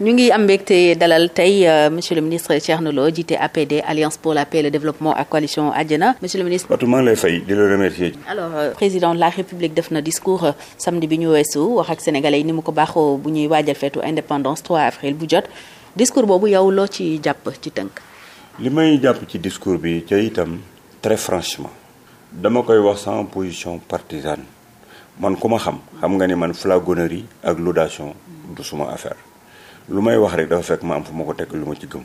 ñu ngi am mbégte dalal tey euh, monsieur le ministre Thierno Lo jiite APD alliance pour la paix et le développement ak coalition Adiana monsieur le ministre. Fatou maa ngi di la remercier. alors euh, président de la république def na discours euh, samedi bi ñu weesu wax ak sénégalais yi ni mu ko baaxoo bu ñuy waajal feetu indépendance 3 avril bu jot discours boobu yow loo ci jàpp ci tënk. li may jàpp ci discours bi te itam très franchement dama koy wax sans position partisane man ku ma xam xam nga ni man flagornerie ak laudation suma affaire. lu may wax rek dafa fekk ma am fu ma ko teg lu ma ci gëm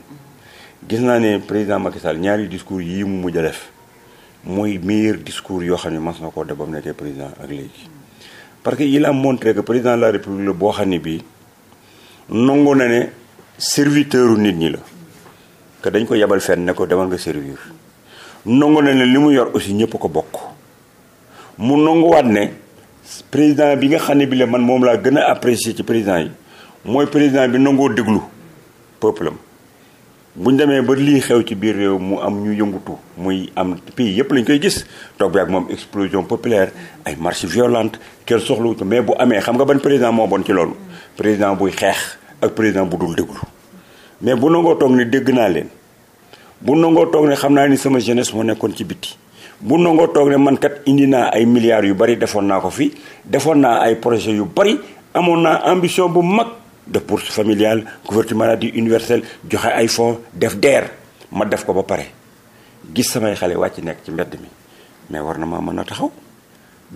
gis naa ne président Macky Sall ñaari discours yii mu mujj def mooy meilleur discours yoo xam ne mas na koo def ba mu nekkee président ak léegi parce que il a montré que président la république la boo xam ne bii nongu na ne serviteuru nit ñi la que dañ ko yebal fenn ne ko demal nga servir nongu na ne li mu yor aussi ñëpp ko bokk mu nonguwaat ne président bi nga xam ne bi la man moom laa gën a apprécier ci président yi mooy président bi nangoo déglu peuple am bu ñu demee ba lii xew ci biir réew mu am ñu yëngutu muy am pays yëpp lañ koy gis toog bi ak moom explosion populaire ay marches violentes kenn soxlawutu mais bu amee xam nga ban président moo bon ci loolu président buy xeex ak président bu dul déglu mais bu nangoo toog ne dégg naa leen bu nangoo toog ne xam naa ni sama jeunesse moo nekkoon ci biti bu nangoo toog ne man kat indi naa ay milliards yu bari defoon naa ko fi defoon naa ay yu bari amoon naa ambition bu mag de pour familiale couverture maladie universelle joxe ay fonds def DER ma def ko ba pare gis samay xale wàcc nekk ci mbedd mi mais war na ma mën a taxaw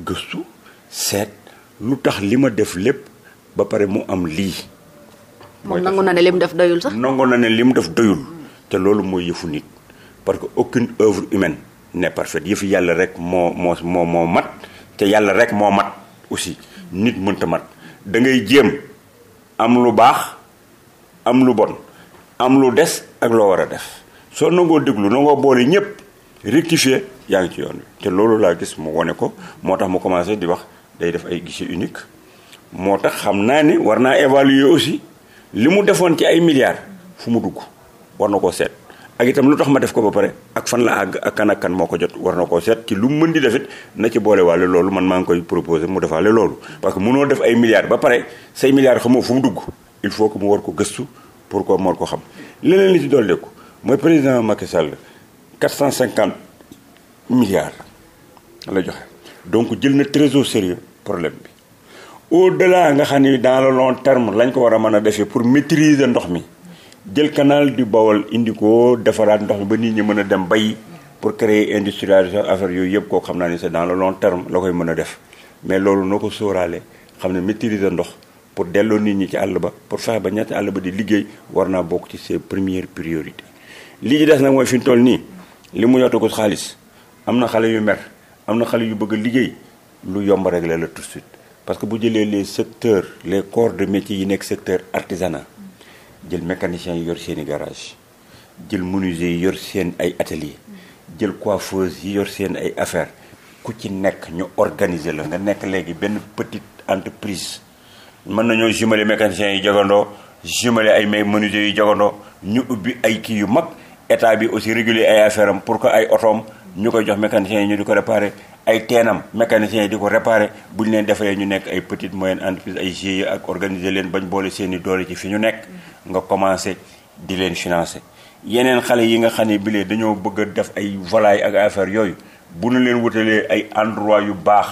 gëstu seet lu tax li ma def lépp ba pare mu am lii. mooy nangu na ne lim def doyul sax. nangu na ne li mu def doyul te loolu mooy yëfu nit parce que aucune œuvre humaine n'est parfaite yëfu yàlla rek moo moo moo moo mat te yàlla rek moo mat aussi nit mënta mat da ngay jéem. am lu baax am lu bon am lu des ak loo war a def soo nangoo déglu nangoo boole ñëpp rectifier yaa ngi ci yoon bi te loolu laa gis mu wone ko moo tax mu commencé di wax day def ay guichet unique moo tax xam naa ni war naa évaluer aussi li mu defoon ci ay milliards fu mu dugg war na koo seet ak itam lu tax ma def ko ba pare ak fan la àgg ak kan kan moo ko jot war na koo seet ci lu mu mën di def na ci boole waale loolu man maa ngi koy proposé mu defaale loolu. parce que munoo def ay milliards ba pare say milliards xamoo fu mu dugg il faut que mu war ko gëstu pour que mu war ko xam leneen li si ci dolleeku mooy président Macky Sall 450 milliards la joxe donc jël na très au sérieux problème bi au delà nga xam ni dans l long terme lañ ko war a mën a defee pour maîtriser ndox mi. jël canal du Baol indi ko defaraat ndox mi ba nit ñi mën a dem bay pour créer industrialisation affaire yooyu yëpp koo xam naa ni c'est dans le long terme la koy mën a def mais loolu noo ko sooraale xam ne maîtriser ndox pour delloo nit ñi ci àll ba pour fexe ba ñetti àll ba di liggéey war naa bokk ci ses premières priorités. li ci des nag mooy fi mu toll nii li mu yottu ko xaalis am na xale yu mer am na xale yu bëgg liggéey lu yomb rek la tout suite parce que bu jëlee les secteurs les corps de yi nekk secteur artisanat. jël mécaniciens yi yor seen i garage jël menuisier yi yor seen ay atelier jël coiffeuse yi yor seen ay affaire ku ci nekk ñu organiser la nga nekk léegi benn petite entreprise mën nañoo jumelé mécaniciens yi jogandoo jumelé ay menuisiers yi jogandoo ñu ubbi ay kii yu mag état bi aussi réguler ay affaire pour que ay otoom ñu koy jox mécaniciens yi ñu di ko réparer ay teenam mécaniciens yi di ko réparer buñ leen defalee ñu nekk ay petite moyenne entreprise ay GIE ak leen bañ boole seen doole ci fi ñu nekk nga commencé di leen financer yeneen xale yi nga xam ne bilee dañoo bëgg a def ay volaille ak affaire yooyu bu nu leen wutalee ay endroit yu baax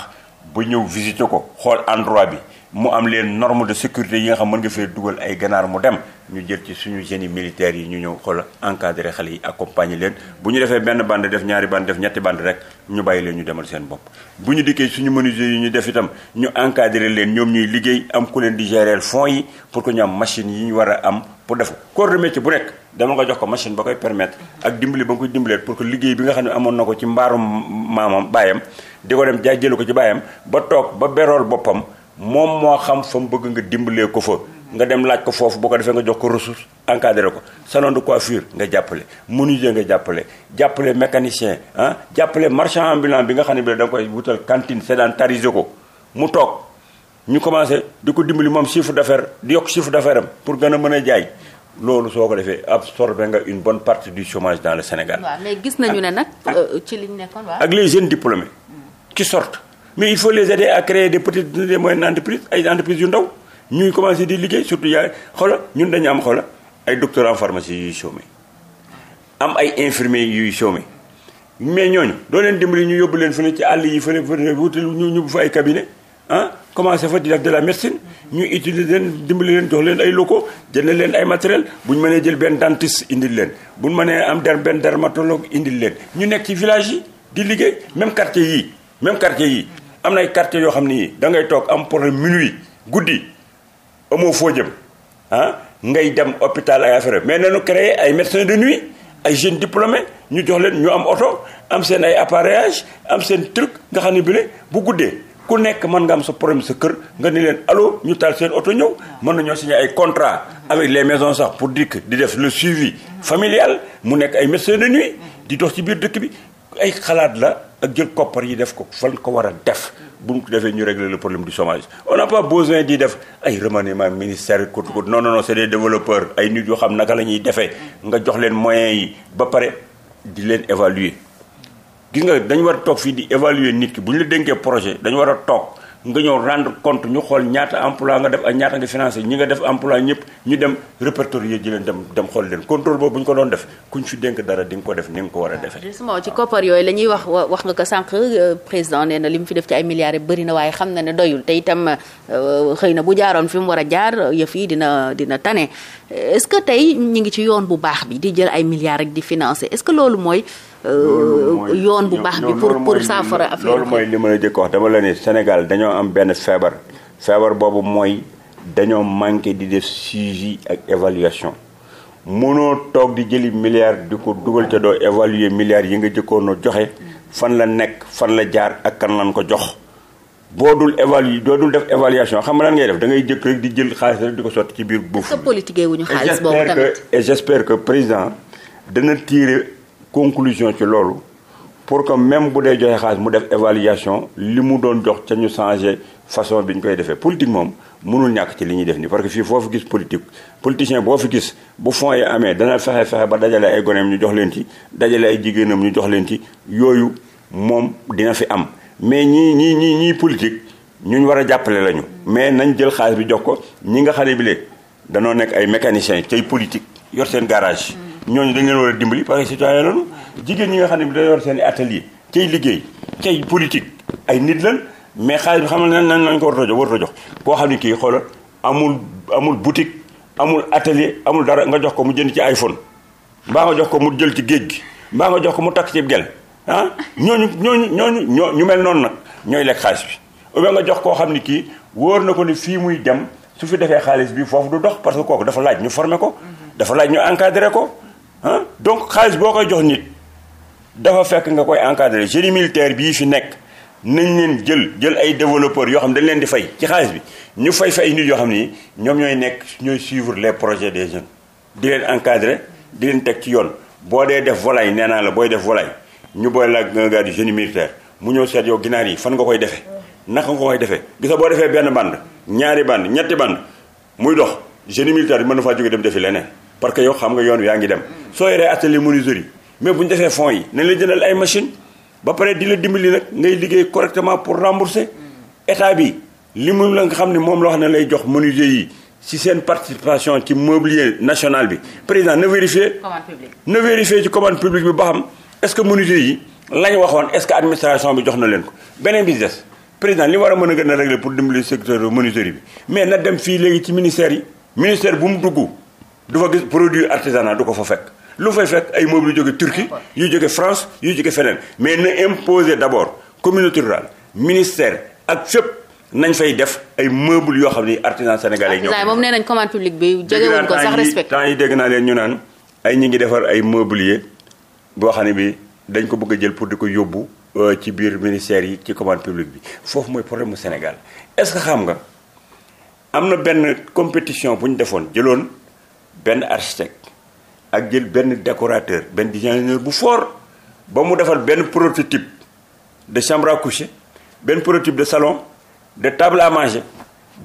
ba ñëw visiter ko xool endroit bi mu am leen norme de sécurité yi nga xam mën nga fee dugal ay ganaar mu dem ñu jël ci suñu génie militaires yi ñu ñëw xool encadré xale yi accompagner leen bu ñu defee benn bande def ñaari bande def ñetti bande rek ñu bàyyi leen ñu demal seen bopp bu ñu dikkee suñu menuisier yi ñu def itam ñu encadré leen ñoom ñuy liggéey am ku leen di gérer fonds yi pour que ñu am machine yi ñu war a am pour def corps de bu nekk dama nga jox ko machine ba koy permettre ak dimbali ba nga koy que liggéey bi nga xam ne amoon na ko ci mbaarum maamam baayam di ko dem jaay jëlu ko ci baayam ba toog ba berool boppam moom moo xam fa mu bëgg nga dimbalee ko fa nga dem laaj ko foofu boo ko defee nga jox ko ressource encadré ko salon de coiffure nga jàppale menuisier nga jàppale jàppale mécanisien ah jàppale marchand ambulant bi nga xam ne bi da nga koy wutal cantine sédentarisé ko mu toog ñu commencé di ko dimbali moom chiffre d'affaires di yokk chiffre d'affaires am pour gën a mën a jaay loolu soo ko defee absorbé nga une bonne partie du chômage dans le Sénégal. waaw mais gis nañu ne nag euh, ci liñ nekkoon ak les jeunes diplômés qui sortent. mais il faut les aider à créer des petites des moyennes entreprises ay entreprises yu ndaw ñuy commencé di liggéey surtout yaay xoola ñun dañu am xoola ay docteurs en pharmacie yuy chômé am ay infirmiers yuy chômé mais ñooñu doo leen dimbali ñu yóbbu leen fële ci àll yi fële fële wutal ñu ñu fa ay cabinet ah commencé fa di def de la médecine ñu utiliser leen dimbali leen jox leen ay locaux jënd leen ay matériel bu ñu mënee jël benn dentist indil leen bu ñu mënee am der benn dermatologue indil leen ñu nekk ci village yi di liggéey même quartier même quartier yi am na ay quartier yoo xam nii da ngay toog am problème minuit guddi amoo foo jëm ah ngay dem hôpital ay affaire mais ne nañu créé ay médecins de nuit ay jeunes diplômés ñu jox leen ñu am oto am seen ay appareillage am seen truc nga xam ne bi bu guddee ku nekk mën nga am sa problème sa kër nga ni leen allo ñu taal seen oto ñëw mën nañoo signé ay contrat avec les maisons sax pour dikk di def le suivi familial mu nekk ay médecins de nuit di dox ci biir dëkk bi ay xalaat la ak jël koppar yi def ko fan ko war a def bu ñu ko defee ñu régler le problème du chômage on n'a di def ay remaniement ministère court court non non non c'est des développeurs ay nit yoo xam naka la ñuy defee nga jox leen moyens yi ba pare di leen évaluer gis nga dañu war a toog fii di évaluer nit ki bu ñu la dénkee projet dañu war a toog nga ñëw rendre compte ñu xool ñaata emploi nga def ak ñaata nga financé ñi nga def emploi ñëpp ñu dem répertorier ji leen dem dem xool leen contrôle boobu bu ñu ko doon def kuñ fi dénk dara di nga ko def ni nga ko war a defee justement ci koppar yooyu la ñuy wax wax nga ko sànq euh, président nee na li mu fi def ci ay milliare bëri na waaye xam na ne doyul tey itam euh, xëy na bu jaaroon fi mu war a jaar yëf yi dina dina tane est-ce que tey ñu ngi ci yoon bu baax bi di jël ay milliards rek di financer est-ce que loolu mooy Euh, yoon bu baax bi pour pour saafara affaire loolu mooy li ma la jëkk wax dama la ne Sénégal dañoo am benn feebar feebar boobu mooy dañoo manqué di def suivi ak évaluation mënoo toog di jëli milliards di ko dugal ca doo évaluer milliards yi nga jëkkoon joxe fan la nekk fan la jaar ak kan lan ko jox boo dul évaluer doo dul def évaluation xam nga lan ngay def da ngay jëkk rek di jël xaalis rek di ko sotti ci biir buuf. sa politique wuñu xaalis boobu tamit et j'espère que président dana tirer. conclusion ci loolu pour que même bu dee joxe xaalis mu def évaluation li mu doon jox ca ñu changé façon bi ñu koy defee politique moom mënul ñàkk ci li ñuy def nii parce que fii foo fi gis politique politicien boo fi gis bu fonds yi amee dana fexe fexe ba dajale ay goneem ñu jox leen ci dajale ay jigéenam ñu jox leen ci yooyu moom dina fi am mais ñii ñi ñii ñii politique ñu ñu war a jàppale lañu mais nañ jël xaalis bi jox ko ñi nga xam bi léegi danoo nekk ay mécaniciens cay politique yor seen garage. ñooñu dañ leen war a li parce que citoyen lañu jigéen ñi nga xam ne bi dañoo yor seen i atelier cay liggéey cay politique ay nit lan mais xaalis bi xamal nan nan lañ ko warut a jox warut a xam ne kii xoolal amul amul boutique amul atelier amul dara nga jox ko mu jënd ci iPhone mbaa nga jox ko mu jël ci géej gi mbaa nga jox ko mu takk ci gel ah ñooñu ñooñu ñooñu ñoo ñu mel noonu nag ñooy lekk xaalis bi ou bien nga jox koo xam ne kii wóor na ko ni fii muy dem su fi defee xaalis bi foofu du dox parce que kooku dafa laaj ñu former ko dafa laaj ñu encadrer ko ah donc xaalis boo koy jox nit dafa fekk nga koy encadrer génie militaire bii fi nekk nañ leen jël jël ay développeurs yoo xam dañ leen di fay ci xaalis bi ñu fay fay nit yoo xam ni ñoom ñooy nekk ñooy suivre les projets des jeunes di leen di leen teg ci yoon boo dee def volaille nee naa la booy def volaille ñu booy la nga gars du militaire mu ñëw seet yow ginaar yi fan nga koy defee naka nga koy defee gisa boo defee benn bande ñaari bande ñetti bande muy dox génie militaire bi mën na defi leneen parce que yow xam nga yoon yaa ngi dem soo yoree atelier menuiserie mais bu ñu defee fonds yi nañ la jëndal ay machine ba pare di la dimbali nag ngay liggéey correctement pour rembourser état bi li mu la nga xam ne moom la wax ne lay jox menuisier yi ci seen participation ci mobilier national bi président na vérifier na vérifier ci commande publique bi ba xam est-ce que menuisier yi lañ waxoon est-ce que administration bi jox na leen ko beneen bi des président li war a mën a gën a régler pour dimbali secteur menuiserie bi mais na dem fii léegi ci ministère yi ministère bu mu dugg du fa gis produit artisanal du ko fa fekk lu fay fekk ay meubles yu jóge Turquie ah, yu jóge France yu jóge feneen mais na imposer d' abord communauté rurale ministère ak fépp nañ fay def ay meubles yoo xam ni artisan sénégalais ñoo moom nee nañ commande publique bi jógewuñ ko sax respect yi dégg naa leen ñu naan ay ñi ngi defar ay meublier boo xam ne bi dañ ko bëgg a jël pour di ko yóbbu euh, ci biir ministère yi ci commande publique bi foofu mooy problème mu Sénégal est-ce que xam nga am na benn compétition bu ñu defoon jëloon benn architecte ak jël benn décorateur benn designer bu foor ba mu defal benn prototype de chambre à coucher benn prototype de salon de table à manger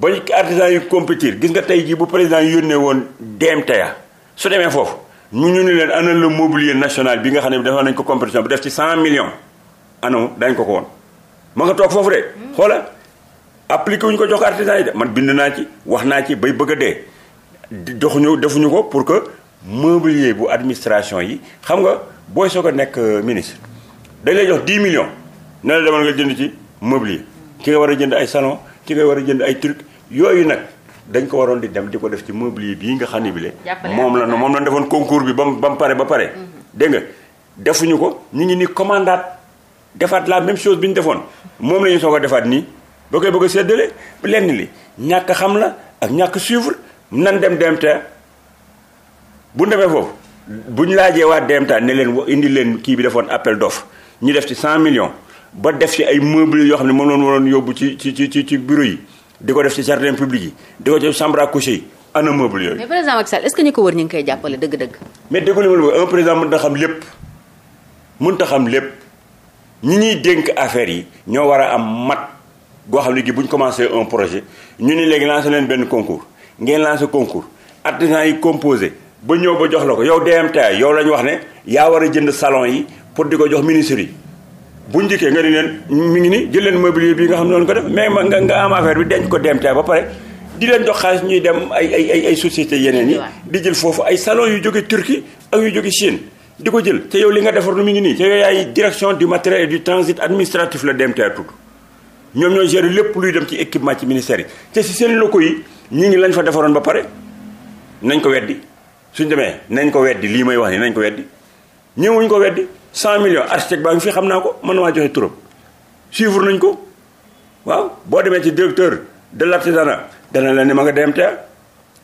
ba ñu artisan yi compétir gis nga tey jii bu président yi yónnee woon DMTA su demee foofu ñu ñu ne leen ana le mobilier national bi nga xam ne defoon nañ ko compétition bu def ci 100 millions anamu dañ ko ko woon ma nga toog foofu de xoola appliqué wuñu ko jox ko artisan yi de man bind naa ci wax naa ci bay bëgg a dee doxuñu defuñu ko pour que mobilier bu administration yi xam nga booy soog a nekk euh, ministre dañ lay jox 10 millions ne la demal nga jënd ci mobilier ci nga war a jënd ay salon ci nga war a jënd ay truc yooyu nag dañ ko waroon di dem di ko def ci mobilier bii nga xam ne bile moom la moom la defoon concours bi ba mu ba mu pare ba pare mm-hmm. dégg nga defuñu ko ñu ngi ni commandaat defaat la même chose bi ñu defoon moom la ñu soog defaat nii ba koy bëgg a lenn li ñàkk xam la ak ñàkk suivre nan dem DMT bu demee foofu bu ñu laajee waa DMTA ne leen indi leen kii bi defoon appel d'offre ñu def ci 100 millions ba def ci ay meubles yoo xam ne mënoon woon yóbbu ci ci ci ci bureau yi di ko def ci jardin public yi di ko def chambre à coucher yi ana meubles yooyu. mais président Macky Sall est-ce que ñu ko ñu koy jàppale dëgg-dëgg. mais dégg nga li un président mënut a xam lépp mënut a xam lépp ñi ñuy dénk affaire yi ñoo war a am mat goo xam ne gi bu ñu commencé un projet ñu ne léegi lancé leen benn concours ngeen lancé concours artisans yi composé. ba ñëw ba jox la ko yow DMTA yow la ñu wax ne yaa war a jënd salon yi pour di ko jox ministre yi bu njëkkee nga ni leen mi ngi ni jël leen mobilier bii nga xam ne loolu ko def mais nga nga am affaire bi denc ko DMTA ba pare di leen jox xaalis ñuy dem ay ay ay ay yeneen yi di jël foofu ay salon yu jóge Turquie ak yu jóge Chine di ko jël te yow li nga defar nu mi ngi nii te yow yaay direction du matériel et du transit administratif la DMTA tudd ñoom ñooy gérer lépp luy dem ci équipement ci ministère yi te si seen locaux yi ñu ngi lañ fa defaroon ba pare nañ ko weddi suñ demee nañ ko weddi lii may wax ni nañ ko weddi ñëwuñ ko weddi 100 millions architecte baa ngi fii xam naa ko mën na maa joxe turam suivre nañ ko waaw boo demee ci directeur de l'artisanat dana la ne ma nga DMTA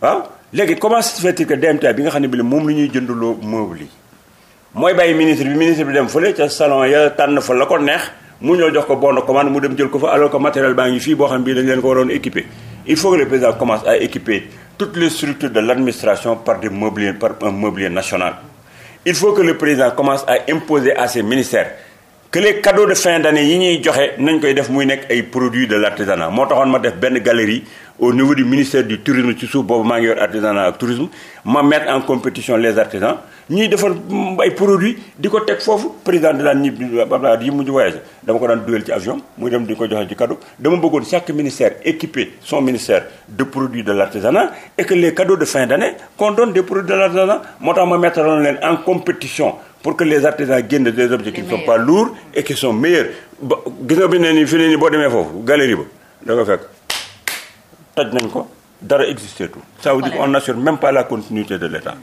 waaw léegi comment se fait-il que DMTA bi nga xam ne bii moom la ñuy jëndaloo meuble yi mooy bàyyi ministre bi ministre bi dem fële ca salon ya tànn fa la ko neex mu ñëw jox ko bon de commande mu dem jël ko fa alors que matériel baa ngi fii boo xam bii dañ leen ko waroon équiper il faut que le président commence à équiper toutes les structures de l'administration par, des meublés, par un mobilier national. Il faut que le président commence a imposer à ses ministères que cadeaux de fin d'année yi ñuy joxe nañ koy def muy nekk ay produits de l'artisanat moo taxoon ma def benn galerie au niveau du ministère du tourisme ci suuf boobu maa ngi yor artisanat ak tourisme ma mettre en compétition les artisans ñuy defar ay produits di ko teg foofu président de la NIB Abdoulaye yi mu mujj voyagé dama ko daan duyal ci avion muy dem di ko joxe ci cadeau dama bëggoon chaque ministère équiper son ministère de produits de l'artisanat et que de fin d'année qu'on donne des produits de l'artisanat moo tax ma mettre leen en compétition pour que les artisans génn des objets qui ne sont pas lourds et qui sont meilleurs ba gis bi nee nii fii ne nii boo demee foofu galerie ba da nga nañ ko dara existé tout ça veut dire qu'on n'assure même pas la continuité de l'État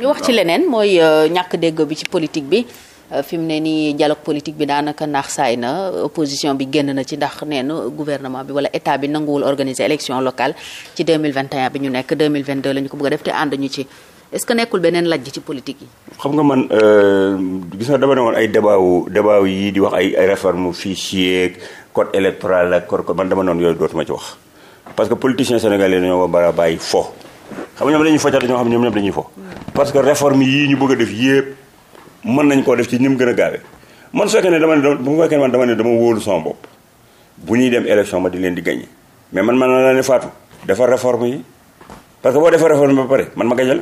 ñu wax ci leneen mooy euh, ñàkk déggoo bi ci politique bi euh, fi mu ne nii dialogue politique bi daanaka naax saay na opposition bi génn na ci ndax nee na gouvernement bi wala état bi nanguwul organiser élection locale ci 2021 bi ñu nekk 2022 la ñu ko bëgg a def te ànd ñu ci est-ce que nekkul beneen lajj ci politique yi. xam nga man euh, gis nga dama ne woon ay débat wu yi di wax ay ay réforme fii code électoral ak code man dama noonu yooyu dootuma ci wax. parce que politiciens sénégalais dañoo war a bàyyi fo. xam nga ñoom dañuy foccat dañoo xam ñoom ñoom dañuy fo. parce que réforme yii ñu bëgg a def yépp mën nañ koo def ci ni mu gën a gaawee man su fekkee ne dama ne bu fekkee ne man dama ne dama wóolu sama bopp bu ñuy dem élection ma di leen di gagné mais man man la ne Fatou dafa réforme yi parce que boo defee réforme ba pare man ma gajal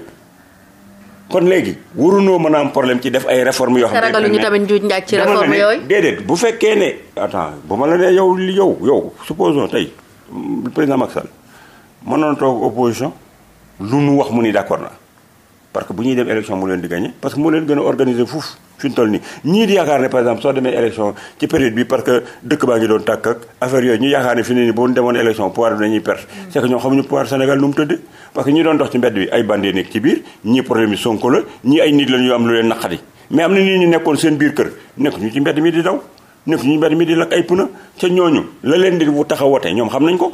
kon léegi waruñoo mën a am problème ci def ay réformes yoo xam ne ragaluñu tamit njuuj njaaj ci réforme yooyu déedéet bu fekkee ne attends bu ma la nee yow li yow yow supposons tey président Macky Sall mënoon toog opposition lu nu wax mu ni d'accord na parce que bu ñuy dem élection mu leen di gagné a organiser fuuf fi ñu toll nii ñii di yaakaar ne par exemple soo demee élection ci période bi parce que dëkk baa ngi doon tàkk ak affaire yooyu ñu yaakaar ne fi ne nii boo demoon élection pouvoir bi dañuy perte mm. c'est que ñoo xamuñu pouvoir Sénégal nu mu tëdd parce que ñi doon dox ci mbedd bi ay bandee nekk ci biir ñii problème yi Sonko la ñii ay nit lañu am lu leen naqari mais ñu ci mbedd mi di daw nekk ñu bari mi di lakk ay pneu ca ñooñu la leen di wu tax ñoom xam nañ ko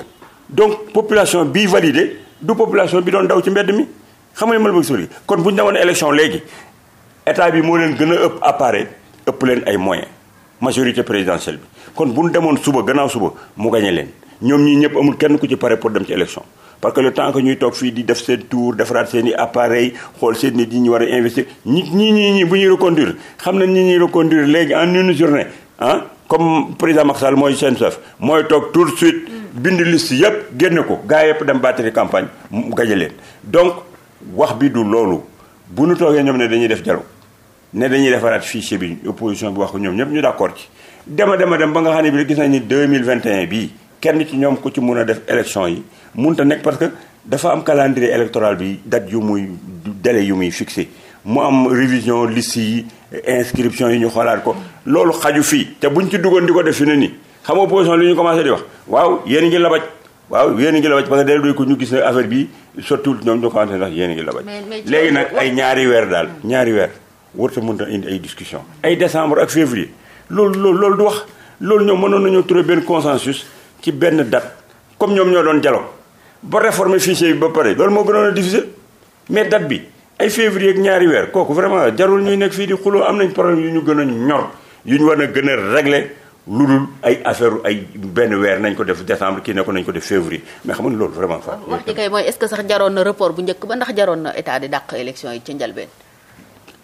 donc population bii validé du population bi doon daw ci mbedd mi xam nga ma la bëgg expliquer kon bu ñu demoon léegi état bi moo leen gën a ëpp appareil ëpp leen ay moyens majorité présidentielle kon bu ñu demoon suba gannaaw suba mu gañe leen ñoom ñii ñëpp amul kenn ku ci pare pour dem ci élection parce que le temps que ñuy toog fii di def seen tour defaraat seen i appareil xool seen nit ñi ñu war a investir ñii ñii ñii bu ñuy reconduire xam nañ ñi ñuy reconduire léegi en une journée ah comme président Macky Sall mooy seen chef mooy toog tout de suite bind list yëpp génne ko gars yëpp dem battre campagne mu gañe leen donc wax bi du loolu bu nu toogee ñoom ne dañuy def dialogue ne dañuy defaraat fichier bi opposition bi wax ko ñoom ñëpp ñu d'accord ci dema dema dem ba nga xam ne bi gis nañ vingt 2021 bii kenn ci ñoom ku ci mun a def élection yi mun ta nekk parce que dafa am calendrier électoral bi date yu muy délai yu muy fixé mu am révision liste yi inscription yi ñu xoolaat ko loolu xaju fii te buñ ci duggoon di ko def fi ne nii xam nga opposition li ñu commencé di wax waaw yéen ngi labaj waaw yéen ngi labaj parce que dara doy ko ñu gis ne affaire bi sottiwul ñoom ñu commencé ndax yéen ngi labaj léegi nag ay ñaari weer daal ñaari weer warta mën a indi ay discussion ay décembre ak février loolu loolu loolu du wax loolu ñoom mënoon nañoo trouver benn consensus ki benn dat comme ñoom ñoo doon dialogue ba réformer fichier ba pare loolu moo gënoon a difficile mais date bi ay février ak ñaari weer kooku vraiment jarul ñuy nekk fii di xuloo am nañ problème yu ñu gën a ñor yu ñu war a gën a régler lu dul ay affaire ay benn weer nañ ko def décembre kii ne ko nañ ko def février mais xam nga loolu vraiment. fa wax ji kay mooy est-ce que na report bu njëkk ba ndax jaroon na état di dàq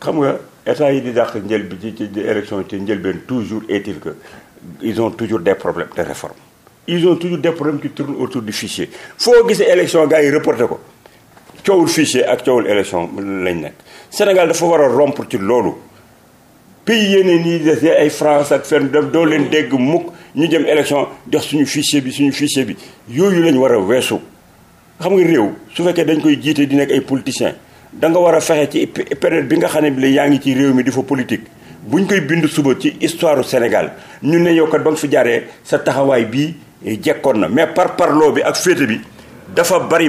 xam nga état yi di dàq njël bi ci ci élection ci njëlbeen toujours est-il que ils ont toujours des problèmes de réforme. ils ont toujours des problèmes qui tournent autour du fichier foo gisee élection gars yi reporté ko. coowul fichier ak coowul élection lañ nekk Sénégal dafa war a rompre ci loolu pays nii yi des ay France ak fenn doo leen dégg mukk ñu jëm élection jox suñu fichier bi suñu fichier bi yooyu lañu war a weesu xam nga réew su fekkee dañ koy jiite di nekk ay politiciens danga war a fexe ci période bi nga xam ne bi yaa ngi ci réew mi di fa bu buñ koy bind suba ci histoire Sénégal ñu ne yow kat ba nga fi sa taxawaay bii jekkoon na mais par parloo bi ak féete bi dafa bari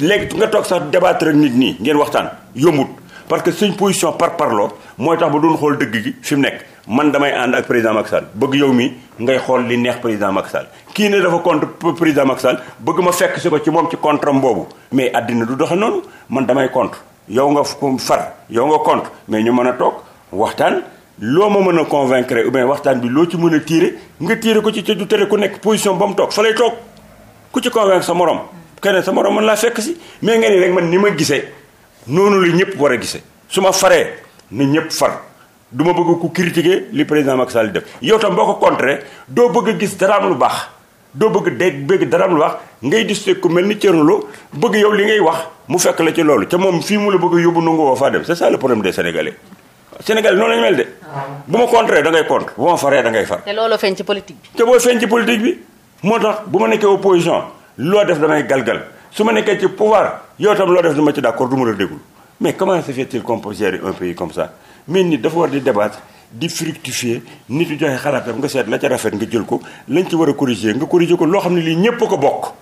léegi nga toog sax débattre nit ñi ngeen waxtaan yombut parce que suñ position par parloo mooy tax ba doon xool dëgg gi fi mu nekk man damay ànd ak président Macky bëgg yow mi ngay xool li neex président Macky Sall kii ne dafa contre président Macky bëgg ma fekk si ko ci moom ci contre am boobu mais àddina du doxe noonu man damay contre yow nga far yow nga contre mais ñu mën a toog waxtaan loo ma mën a convaincre ou bien waxtaan bi loo ci mën a tiire nga tiire ko ci te du tere ku nekk position ba mu toog fa toog ku ci convaincre sa morom kenn sa morom man laa fekk si mais nga ni rek man ni ma gisee noonu la ñëpp war a gisee su ma faree na ñëpp far du ma bëgg ku critiquer li président Macky Sall def yow tam boo ko contrer doo bëgg gis daraam lu baax doo bëgg dégg bëgg daraam lu baax ngay gis ku mel ni Thierno Lo bëgg yow li ngay wax mu fekk la ci loolu te moom fii mu la bëgg yóbbu nangu woo faa dem c'est ça le problème des Sénégalais. Sénégal noonu lañu mel de. bu ma contrer da ngay contre bu faree da ngay far. te looloo feeñ ci politique bi. moo tax bu ma nekkee opposition. loo def damay galgal su ma nekkee ci pouvoir yow tam loo def dama ci d'accord du ma la déglu mais comment se fait-il qu'on peut gérer un pays comme ça mais nit dafa war di débattre di fructifier nit yu joxe xalaatam nga seet la ci rafet nga jël ko lañ ci war a corriger nga corriger ko loo xam ne lii ñépp ko bokk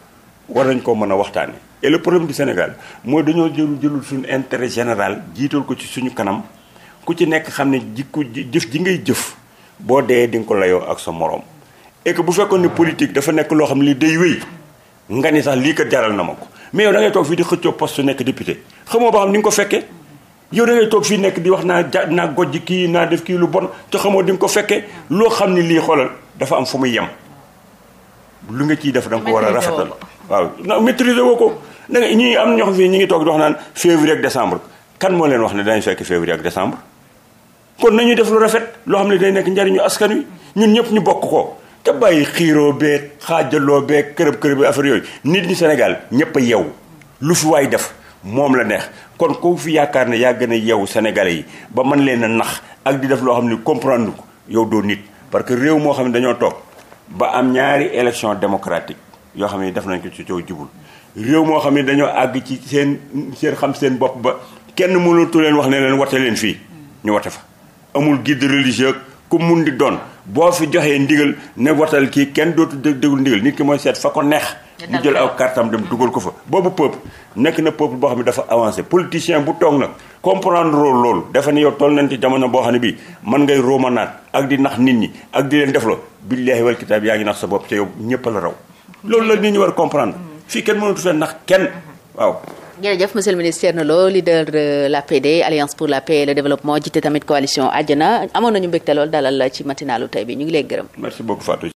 war nañ koo mën a waxtaane et le problème du Sénégal mooy dañoo jël jëlul suñu intérêt général jiital ko ci suñu kanam ku ci nekk xam ne jikko jëf ji ngay jëf boo dee di nga ko layoo ak sa moroom et bu fekkoon ne politique dafa nekk loo xam ne lii day nga ni sax lii ko jaral na ma ko mais yow da toog fii di xëccoo poste nekk député xamoo ba xam ni ko fekkee yow da ngay toog fii nekk di wax naa ja naa gojj kii naa def kii lu bon te xamoo di nga ko fekkee loo xam ni lii xoolal dafa am fu muy yem lu nga ciy def da nga ko war a rafetal waaw na maîtriser woo ko da nga am na ñoo xam fii ñu ngi toog di wax naan février ak décembre kan moo leen wax ne dañu fekk février ak décembre kon nañuy def lu rafet loo xam ne day nekk njariñu askan wi ñun ñëpp ñu bokk ko ca bàyyi xiiroo bee xaajaloo beeg kërëb kërëb affaire yooyu nit ñi Sénégal ñëpp a yeew lu fi waay def moom la neex kon ku fi yaakaar ne yàgg gën a yeewu yi ba man leen a nax ak di def loo xam ne comprendre ko yow doo nit parce que réew moo xam ne dañoo toog ba am ñaari élection démocratique yoo xam ne def nañ ko ci coow jubul réew moo xam ne dañoo àgg ci seen seen xam seen bopp ba kenn mënatu leen wax ne leen wate leen fii ñu wate fa amul guide religieux comme mun di doon boo fi joxee ndigal ne watal kii kenn dootu déglu ndigal nit ki mooy seet fa ko neex mu jël aw kartam dem dugal ko fa boobu peuple nekk na peuple boo xam ne dafa avancé politicien bu toog nag comprendre rôle loolu dafa ne yow toll nañ ci jamono boo xam ne bii man ngay roomanaat ak di nax nit ñi ak di leen def la billaahi wal kitaab yaa ngi nax sa bopp te yow ñëpp la raw loolu la nit ñi war comprendre mm. fii kenn mënatu fee nax kenn mm-hmm. waaw jërëjëf monsieur le ministre Thierno Lo leader de euh, l'APD alliance pour la paix le développement jiite tamit coalition Àjjana amoon nañu mbégte lool dalal ci matinalu tey bi ñu ngi lay gërëm. merci beaucoup